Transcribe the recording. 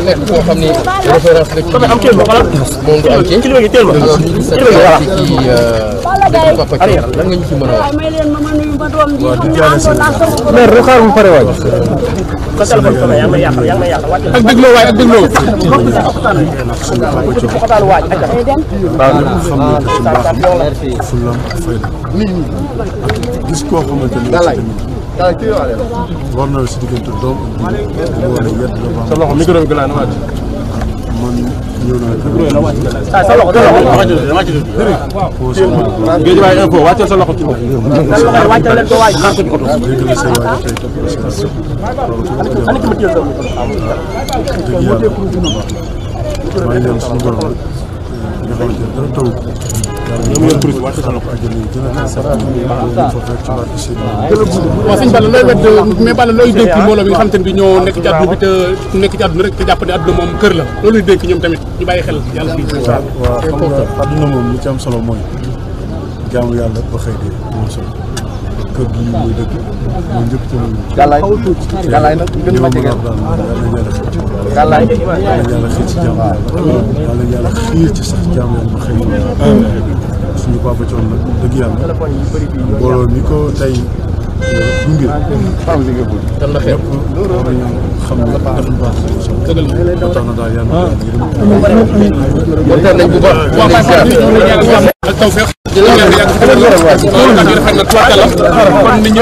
dafa nekk koo xam ni référence la ci monde entier alors ñu ngi seetlu ci kii euh, dëkk Papa Thiaw lan nga ñu ci mën a wax. waaw di jaaree seen i. mère rek xaaral mu pare waay. ak dégloo waay ak dégloo. waaw xam nga war na la si diggante doom ak sa loxo micro bi man ñëw naa. sa loxo sa sa loxo ci bopp. wàccal leen ko waay xaar ko ci oto. maa ngi leen suñu borom nga xamante ne dana taw ñoom ñoo tuuti wàcc sa a tax sax ñu fa fekk ci barke seen waaw sëñ looy wedd mais Balla looy dénk mbooloo bi nga xamante ne ñoo nekk ci àdduna bi te nekk ci àdduna rek te jàpp moom kër la looluy dénk ñoom tamit ñu bàyyi xel yàlla bi waaw xam nga àdduna moom li ci am solo mooy jaamu yàlla ba xëy moom solo kër gi ñu ngi dëkk moo njëkk ci loolu. gàllaay gàllaay nag gën ma jege. gàllaay yàlla xiir ci jàmm yàlla yàlla xiir ci sax jàmm yàlla xëy na suñu papa coon nag dëgg yàlla mbooloo mi ko tey gunge ñëpp war nañu xam ne dafa baax tax na daal yàlla ak tawfeex. jërëjëf jërëjëf jërëjëf jërëjëf jërëjëf jërëjëf jërëjëf